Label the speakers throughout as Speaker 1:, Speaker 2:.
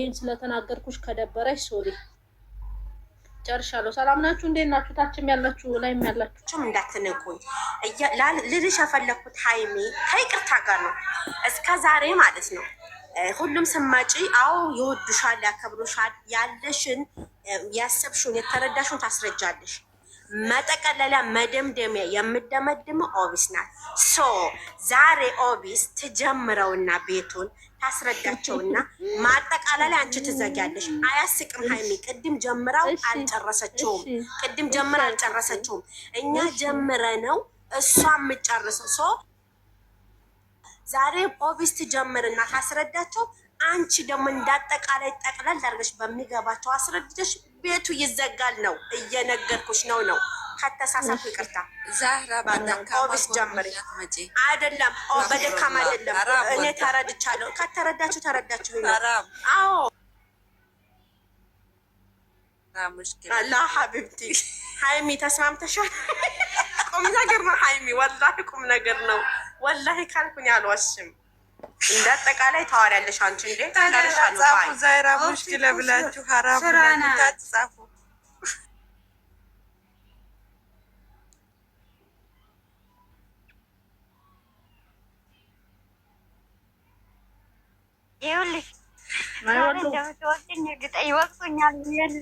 Speaker 1: ይህን ስለተናገርኩሽ ከደበረሽ ሶሪ ጨርሻለሁ። ሰላም ናችሁ? እንዴት ናችሁ? ታችም ያላችሁ ላይም ያላችሁ
Speaker 2: ችም እንዳትንቁኝ ልልሽ የፈለግኩት ሀይሜ ከይቅርታ ጋር ነው። እስከ ዛሬ ማለት ነው ሁሉም ስማጪ አዎ ይወዱሻል፣ ያከብሩሻል። ያለሽን ያሰብሽውን የተረዳሽውን ታስረጃለሽ። መጠቀለለ መደምደሚያ የምደመድመው ኦቢስ ናት። ሶ ዛሬ ኦቢስ ትጀምረውና ቤቱን ታስረዳቸውና ማጠቃለያ አንቺ ትዘጊያለሽ። አያስቅም ሀይሚ። ቅድም ጀምረው አልጨረሰችውም። ቅድም ጀምረ አልጨረሰችውም። እኛ ጀምረ ነው እሷ የምጨርሰው። ሶ ዛሬ ኦቢስ ትጀምርና ታስረዳቸው። አንቺ ደግሞ እንዳጠቃላይ ጠቅለል አድርገሽ በሚገባቸው አስረድተሽ ቤቱ ይዘጋል ነው እየነገርኩሽ ነው ነው ከተሳሳቱ ይቅርታ
Speaker 3: ኦፊስ ጀምሪ
Speaker 2: አይደለም በደካማ አይደለም እኔ ተረድቻለሁ ከተረዳችሁ ተረዳችሁ አዎ ላ ሀቢብቲ ሀይሚ ተስማምተሻል ቁም ነገር ነው ሀይሚ ወላሂ ቁም ነገር ነው ወላሂ ካልኩኝ አልዋሽም እንደ አጠቃላይ ታወሪያለሽ አንቺ እንዴ ዛይራ ሙሽኪለ ብላችሁ ሀራም ጻፉ።
Speaker 1: ይኸውልሽ እንደምትወጪኝ እርግጠኝ ይወቅሱኛል።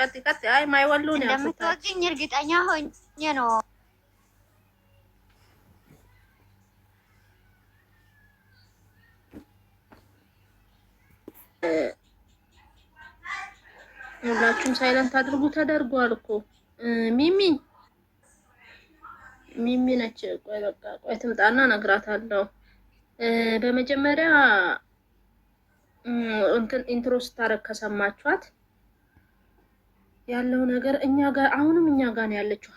Speaker 1: ቀጥ ቀጥ አይ ማይወሉ ነው እርግጠኛ ሆኜ ነው ሁላችሁም ሳይለንት አድርጉ ተደርጓል እኮ ሚሚ ሚሚ ነች። ቆይ በቃ ቆይ ትምጣና እነግራታለሁ። በመጀመሪያ እንትን ኢንትሮ ስታረግ ከሰማችኋት ያለው ነገር እኛ ጋር አሁንም እኛ ጋር ነው ያለችው።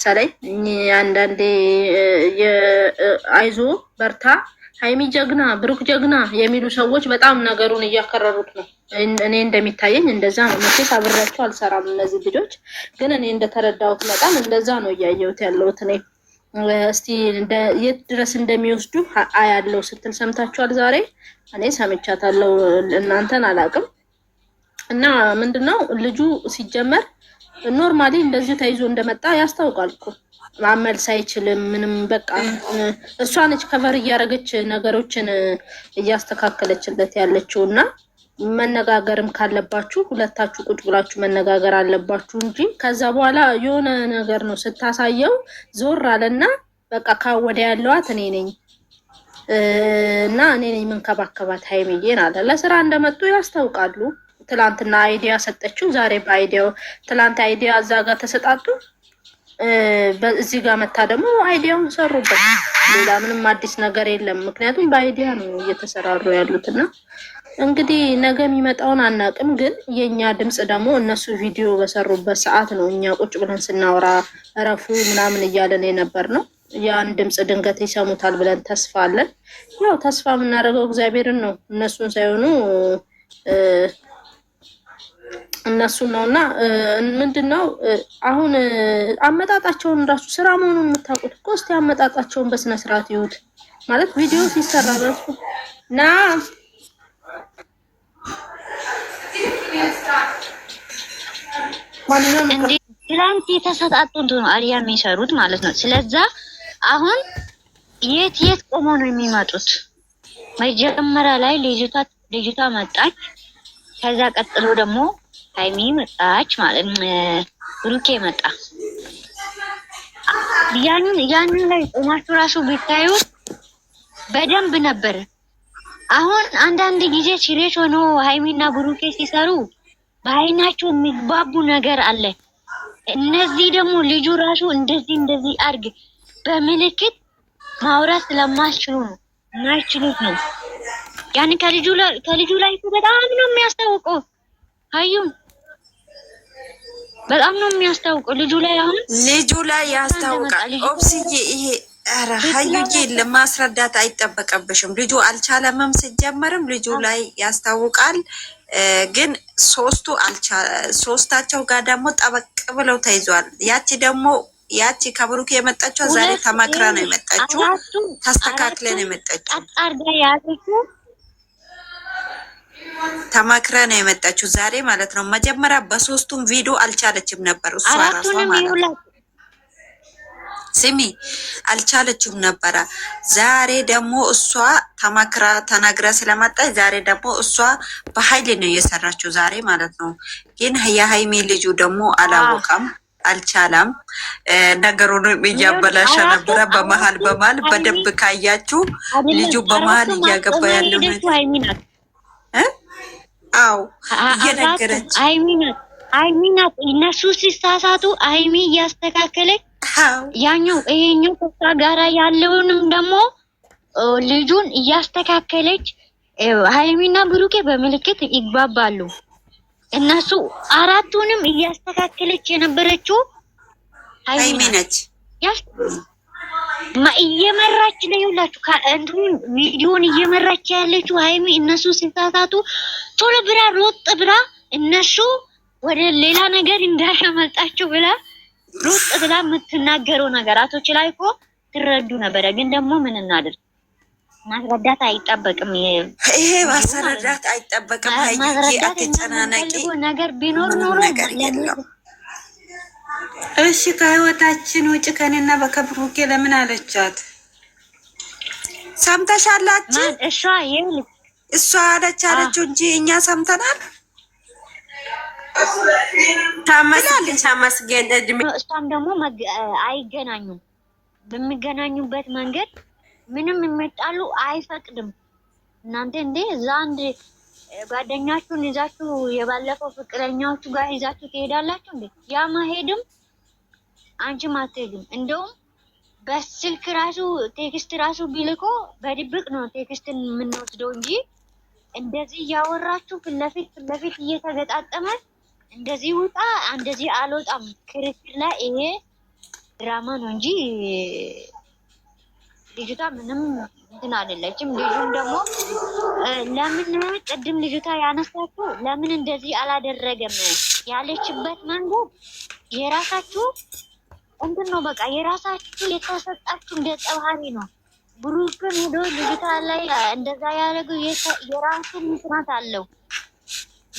Speaker 1: አንዳንዴ አይዞ በርታ ሀይሚ ጀግና፣ ብሩክ ጀግና የሚሉ ሰዎች በጣም ነገሩን እያከረሩት ነው። እኔ እንደሚታየኝ እንደዛ ነው። መቼስ አብሬያቸው አልሰራም እነዚህ ልጆች፣ ግን እኔ እንደተረዳሁት መጣም እንደዛ ነው እያየሁት ያለሁት እኔ። እስቲ የት ድረስ እንደሚወስዱ አያለው ስትል ሰምታችኋል ዛሬ። እኔ ሰምቻታለሁ፣ እናንተን አላውቅም። እና ምንድነው ልጁ ሲጀመር ኖርማሊ እንደዚሁ ተይዞ እንደመጣ ያስታውቃል እኮ ማመልስ አይችልም። ምንም በቃ እሷ ነች ከቨር እያደረገች ነገሮችን እያስተካከለችለት ያለችው እና መነጋገርም ካለባችሁ ሁለታችሁ ቁጭ ብላችሁ መነጋገር አለባችሁ እንጂ ከዛ በኋላ የሆነ ነገር ነው ስታሳየው ዞር አለና በቃ ካወደ ያለዋት እኔ ነኝ እና እኔ ነኝ የምንከባከባት ሀይሚዬን አለ። ለስራ እንደመጡ ያስታውቃሉ። ትላንትና አይዲያ ሰጠችው፣ ዛሬ በአይዲያው ትላንት አይዲያ እዛ ጋር ተሰጣጡ። እዚህ ጋር መታ ደግሞ አይዲያውን ሰሩበት። ሌላ ምንም አዲስ ነገር የለም። ምክንያቱም በአይዲያ ነው እየተሰራሩ ያሉት እና እንግዲህ ነገ የሚመጣውን አናቅም። ግን የእኛ ድምፅ ደግሞ እነሱ ቪዲዮ በሰሩበት ሰዓት ነው እኛ ቁጭ ብለን ስናወራ እረፉ ምናምን እያለን የነበር ነው። ያን ድምፅ ድንገት ይሰሙታል ብለን ተስፋ አለን። ያው ተስፋ የምናደርገው እግዚአብሔርን ነው እነሱን ሳይሆኑ እነሱን ነው እና ምንድን ነው አሁን አመጣጣቸውን እራሱ ስራ መሆኑን የምታውቁት እኮ እስቲ አመጣጣቸውን በስነ ስርዓት ይዩት። ማለት ቪዲዮ ሲሰራ ራሱ ና ትላንት የተሰጣጡ ነው አሊያ የሚሰሩት ማለት ነው። ስለዛ አሁን የት የት ቆሞ ነው የሚመጡት? መጀመሪያ ላይ ልጅቷ ልጅቷ መጣች። ከዛ ቀጥሎ ደግሞ ታይሚ መጣች ማለት ብሩኬ መጣ። ያንን ያንን ላይ ቆማችሁ ራሱ ቢታዩ በደንብ ነበር። አሁን አንዳንድ ጊዜ ሲሬት ሆኖ ሃይሚና ብሩኬ ሲሰሩ በአይናቸው የሚግባቡ ነገር አለ። እነዚህ ደግሞ ልጁ ራሱ እንደዚህ እንደዚህ አርግ በምልክት ማውራት ስለማይችሉ ነው ነው። ያን ከልጁ ላይ በጣም ነው የሚያስታውቀው ሀዩም በጣም ነው የሚያስታውቀው። ልጁ ላይ አሁን
Speaker 2: ልጁ ላይ ያስታውቃል። ኦብስዬ ይሄ ኧረ ሀዩዬ ለማስረዳት አይጠበቀብሽም። ልጁ አልቻለምም ሲጀመርም ልጁ ላይ ያስታውቃል። ግን ሶስቱ አልቻ ሶስታቸው ጋር ደግሞ ጠበቅ ብለው ተይዟል። ያቺ ደግሞ ያቺ ከብሩክ የመጣችው ዛሬ ተማክራ ነው የመጣችው፣ ተስተካክለ ነው የመጣችው ተማክራ ነው የመጣችው ዛሬ ማለት ነው። መጀመሪያ በሶስቱም ቪዲዮ አልቻለችም ነበር እሷ ራሷ ስሚ አልቻለችም ነበረ። ዛሬ ደግሞ እሷ ተማክራ ተናግራ ስለመጣች ዛሬ ደግሞ እሷ በኃይል ነው የሰራችው ዛሬ ማለት ነው። ግን የሀይሚ ልጁ ደግሞ አላወቀም፣ አልቻለም። ነገሩን እያበላሸ ነበረ። በመሀል በመሀል በደንብ ካያችሁ ልጁ በመሀል እያገባ ያለው አዎ እየነገረች
Speaker 1: እነሱ ሲሳሳቱ አይሚ እያስተካከለች ያኛው ይሄኛው ከሷ ጋራ ያለውንም ደግሞ ልጁን እያስተካከለች ሀይሚና ብሩኬ በምልክት ይግባባሉ። እነሱ አራቱንም እያስተካከለች የነበረችው ሀይሚ ነች። እየመራች ነው ይውላችሁ። እንዲሁም ቪዲዮን እየመራች ያለችው ሀይሚ እነሱ ሲሳሳቱ ቶሎ ብላ ሮጥ ብላ እነሱ ወደ ሌላ ነገር እንዳያመልጣቸው ብላ ሮጥ ብላ የምትናገረው ነገራቶች ላይ እኮ ትረዱ ነበረ። ግን ደግሞ ምን እናድርግ? ማስረዳት አይጠበቅም።
Speaker 2: ይሄ ማስረዳት አይጠበቅም። ማስረዳት ነገር ቢኖር ኖሮ ነገር እሺ ከህይወታችን ውጭ ከኔና በከብሩኬ ለምን አለቻት። ሰምተሻላችሁ? እሷ አለች አለችው እንጂ እኛ ሰምተናል።
Speaker 1: እሷም ደግሞ አይገናኙም። በሚገናኙበት መንገድ ምንም የሚጣሉ አይፈቅድም። እናንተ እንዴ እዛ አንድ ጓደኛችሁን ይዛችሁ የባለፈው ፍቅረኛዎቹ ጋር ይዛችሁ ትሄዳላችሁ እንዴ? ያ መሄድም አንቺም አትሄጂም። እንደውም በስልክ ራሱ ቴክስት ራሱ ቢልኮ በድብቅ ነው ቴክስትን የምንወስደው እንጂ እንደዚህ እያወራችሁ ፊት ለፊት ፊት ለፊት እየተገጣጠመ እንደዚህ ውጣ እንደዚህ አልወጣም ክርክር ላይ ይሄ ድራማ ነው እንጂ ልጅቷ ምንም እንትን አይደለችም። ልጁም ደግሞ ለምን ቅድም ልጅቷ ያነሳችሁ ለምን እንደዚህ አላደረገም ያለችበት መንገድ የራሳችሁ እንትን ነው በቃ የራሳችሁ የተሰጣችሁ እንደ ጠባሪ ነው። ብሩክን ሄዶ ልጅታ ላይ እንደዛ ያደረገው የራሱን ምክንያት አለው።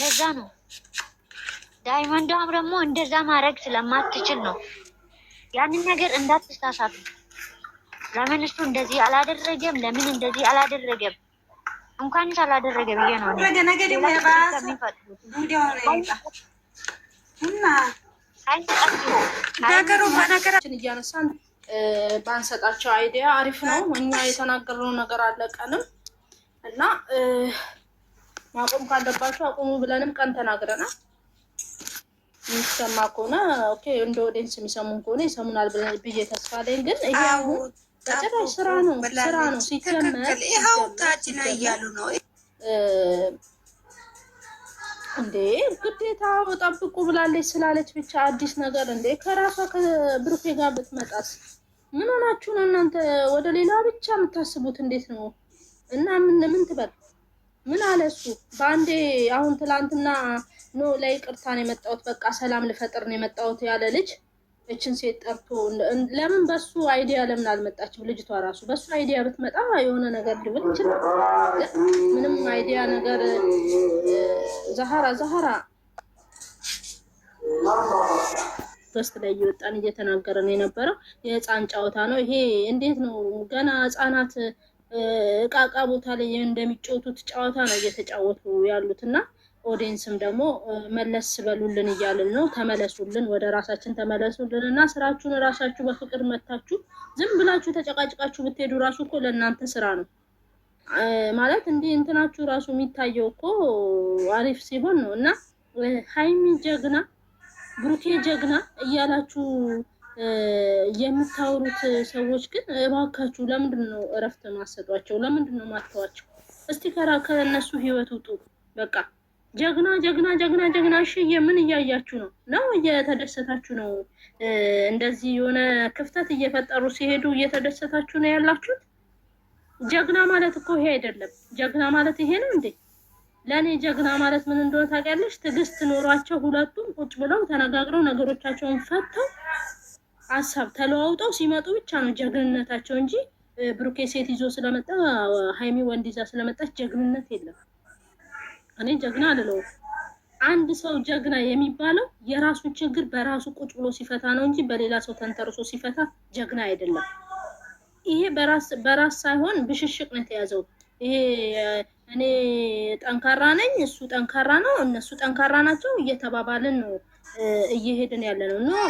Speaker 1: ለዛ ነው ዳይመንዷም ደግሞ እንደዛ ማድረግ ስለማትችል ነው። ያንን ነገር እንዳትሳሳቱ። ለምን እሱ እንደዚህ አላደረገም፣ ለምን እንደዚህ አላደረገም፣ እንኳን አላደረገ ብዬ ነው ነገ ደግሞ የባሰ ይጣ እና ነገሩ በነገራችን እያነሳን ባንሰጣቸው አይዲያ አሪፍ ነው። እኛ የተናገርነው ነገር አለቀንም እና ማቆም ካለባቸው አቁሙ ብለንም ቀን ተናግረናል። የሚሰማ ከሆነ ኦኬ፣ እንደ ኦዲየንስ የሚሰሙን ከሆነ ይሰሙናል ብዬ ተስፋ አለኝ። ግን ይሄ ስራ ነው ስራ ነው ሲጀመር ይኸው ታች ላይ እያሉ ነው እንዴ ግዴታ ጠብቁ ብላለች ስላለች ብቻ አዲስ ነገር እንዴ ከራሷ ከብሩኬ ጋር ብትመጣስ? ምን ሆናችሁ ነው እናንተ ወደ ሌላ ብቻ የምታስቡት? እንዴት ነው እና ምን ምን ትበል ምን አለ እሱ በአንዴ አሁን ትላንትና ኖ ላይ ቅርታ ነው የመጣሁት፣ በቃ ሰላም ልፈጥር ነው የመጣሁት ያለ ልጅ እችን ሴት ጠርቶ ለምን በሱ አይዲያ ለምን አልመጣችም? ልጅቷ ራሱ በሱ አይዲያ ብትመጣ የሆነ ነገር ልብል ይችላል። ምንም አይዲያ ነገር ዛሀራ ዛሀራ በስት ላይ እየወጣን እየተናገረን የነበረው የህፃን ጨዋታ ነው ይሄ። እንዴት ነው ገና ህፃናት እቃቃ ቦታ ላይ እንደሚጫወቱት ጨዋታ ነው እየተጫወቱ ያሉት እና ኦዲየንስም ደግሞ መለስ በሉልን እያልን ነው። ተመለሱልን፣ ወደ ራሳችን ተመለሱልን እና ስራችሁን ራሳችሁ በፍቅር መታችሁ ዝም ብላችሁ ተጨቃጭቃችሁ ብትሄዱ ራሱ እኮ ለእናንተ ስራ ነው ማለት እንዲህ እንትናችሁ ራሱ የሚታየው እኮ አሪፍ ሲሆን ነው። እና ሀይሚ ጀግና፣ ብሩኬ ጀግና እያላችሁ የምታወሩት ሰዎች ግን እባካችሁ ለምንድን ነው እረፍት ማሰጧቸው? ለምንድን ነው ማተዋቸው? እስቲ ከራ ከእነሱ ህይወት ውጡ በቃ። ጀግና ጀግና ጀግና ጀግና። እሺ የምን እያያችሁ ነው? ነው እየተደሰታችሁ ነው? እንደዚህ የሆነ ክፍተት እየፈጠሩ ሲሄዱ እየተደሰታችሁ ነው ያላችሁት? ጀግና ማለት እኮ ይሄ አይደለም። ጀግና ማለት ይሄ ነው እንዴ? ለእኔ ጀግና ማለት ምን እንደሆነ ታውቂያለሽ? ትዕግስት ኖሯቸው ሁለቱም ቁጭ ብለው ተነጋግረው ነገሮቻቸውን ፈተው ሀሳብ ተለዋውጠው ሲመጡ ብቻ ነው ጀግንነታቸው እንጂ ብሩኬ ሴት ይዞ ስለመጣ ሀይሚ ወንድ ይዛ ስለመጣች ጀግንነት የለም። እኔ ጀግና አልለውም። አንድ ሰው ጀግና የሚባለው የራሱ ችግር በራሱ ቁጭ ብሎ ሲፈታ ነው እንጂ በሌላ ሰው ተንተርሶ ሲፈታ ጀግና አይደለም። ይሄ በራስ በራስ ሳይሆን ብሽሽቅ ነው የተያዘው። ይሄ እኔ ጠንካራ ነኝ፣ እሱ ጠንካራ ነው፣ እነሱ ጠንካራ ናቸው እየተባባልን ነው እየሄድን ያለ ነው።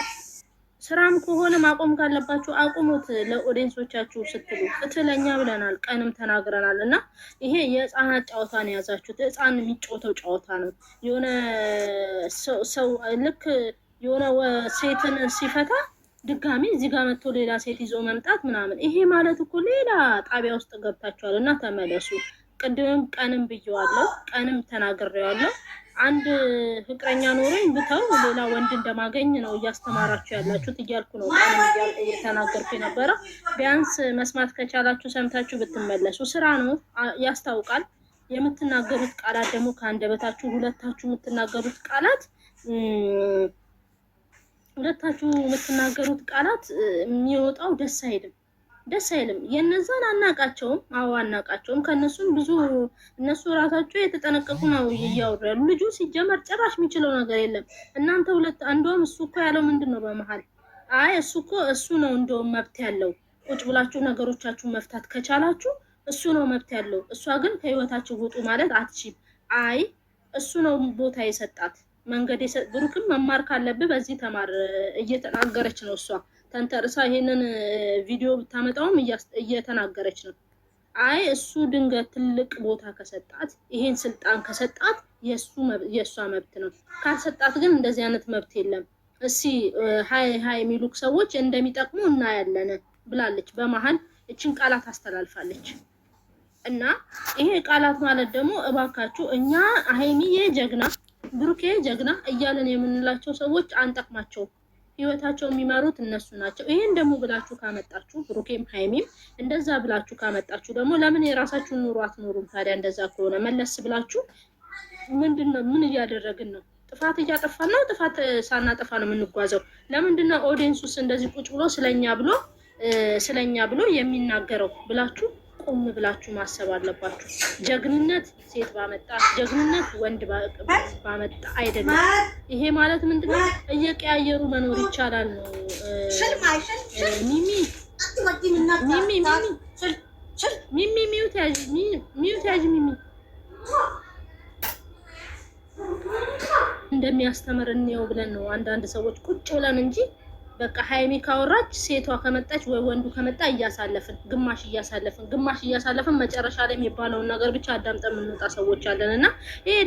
Speaker 1: ስራም ከሆነ ማቆም ካለባችሁ አቁሙት። ለኦዲየንሶቻችሁ ስትሉ ፍትለኛ ብለናል፣ ቀንም ተናግረናል። እና ይሄ የህፃናት ጨዋታ ነው የያዛችሁት። ህፃን የሚጫወተው ጨዋታ ነው። የሆነ ሰው ልክ የሆነ ሴትን ሲፈታ ድጋሚ እዚህ ጋር መጥቶ ሌላ ሴት ይዞ መምጣት ምናምን፣ ይሄ ማለት እኮ ሌላ ጣቢያ ውስጥ ገብታችኋል። እና ተመለሱ። ቅድምም ቀንም ብየዋለሁ፣ ቀንም ተናግሬዋለሁ። አንድ ፍቅረኛ ኖሮኝ ብተው ሌላ ወንድ እንደማገኝ ነው እያስተማራችሁ ያላችሁት እያልኩ ነው እየተናገርኩ የነበረው። ቢያንስ መስማት ከቻላችሁ ሰምታችሁ ብትመለሱ ስራ ነው ያስታውቃል። የምትናገሩት ቃላት ደግሞ ከአንደበታችሁ ሁለታችሁ የምትናገሩት ቃላት ሁለታችሁ የምትናገሩት ቃላት የሚወጣው ደስ አይልም። ደስ አይልም። የነዛን አናቃቸውም። አዎ አናቃቸውም። ከነሱም ብዙ እነሱ ራሳቸው የተጠነቀቁ ነው እያወራሉ። ልጁ ሲጀመር ጭራሽ የሚችለው ነገር የለም። እናንተ ሁለት እንደውም እሱ እኮ ያለው ምንድን ነው በመሀል አይ እሱ እኮ እሱ ነው እንደውም መብት ያለው ቁጭ ብላችሁ ነገሮቻችሁ መፍታት ከቻላችሁ እሱ ነው መብት ያለው። እሷ ግን ከህይወታችሁ ውጡ ማለት አትችም። አይ እሱ ነው ቦታ የሰጣት መንገድ ብሩክም መማር ካለብህ በዚህ ተማር እየተናገረች ነው እሷ ተንተርሳ ይሄንን ቪዲዮ ብታመጣውም እየተናገረች ነው። አይ እሱ ድንገት ትልቅ ቦታ ከሰጣት ይሄን ስልጣን ከሰጣት የእሷ መብት ነው። ካልሰጣት ግን እንደዚህ አይነት መብት የለም። እሲ ሀይ ሀይ የሚሉክ ሰዎች እንደሚጠቅሙ እናያለን ብላለች። በመሀል እችን ቃላት አስተላልፋለች። እና ይሄ ቃላት ማለት ደግሞ እባካችሁ እኛ ሀይሚዬ ጀግና፣ ብሩኬ ጀግና እያለን የምንላቸው ሰዎች አንጠቅማቸውም። ህይወታቸው የሚመሩት እነሱ ናቸው። ይሄን ደግሞ ብላችሁ ካመጣችሁ ብሩኬም ሀይሚም እንደዛ ብላችሁ ካመጣችሁ ደግሞ ለምን የራሳችሁን ኑሮ አትኖሩም ታዲያ? እንደዛ ከሆነ መለስ ብላችሁ ምንድን ነው ምን እያደረግን ነው? ጥፋት እያጠፋን ነው? ጥፋት ሳናጠፋ ነው የምንጓዘው? ለምንድን ነው እንደዚህ ቁጭ ብሎ ስለኛ ብሎ ስለኛ ብሎ የሚናገረው ብላችሁ ቆም ብላችሁ ማሰብ አለባችሁ። ጀግንነት ሴት ባመጣ፣ ጀግንነት ወንድ ባመጣ አይደለም። ይሄ ማለት ምንድነው? እየቀያየሩ መኖር ይቻላል ነው። ሚሚ ሚሚ ሚሚ ሚውት ያዥ ያዥ ሚሚ እንደሚያስተምር እንየው ብለን ነው አንዳንድ ሰዎች ቁጭ ብለን እንጂ በቃ ሀይሚ ካወራች ሴቷ ከመጣች ወይ ወንዱ ከመጣ እያሳለፍን ግማሽ እያሳለፍን ግማሽ እያሳለፍን መጨረሻ ላይ የሚባለውን ነገር ብቻ አዳምጠን የምንወጣ ሰዎች አለን እና ይሄ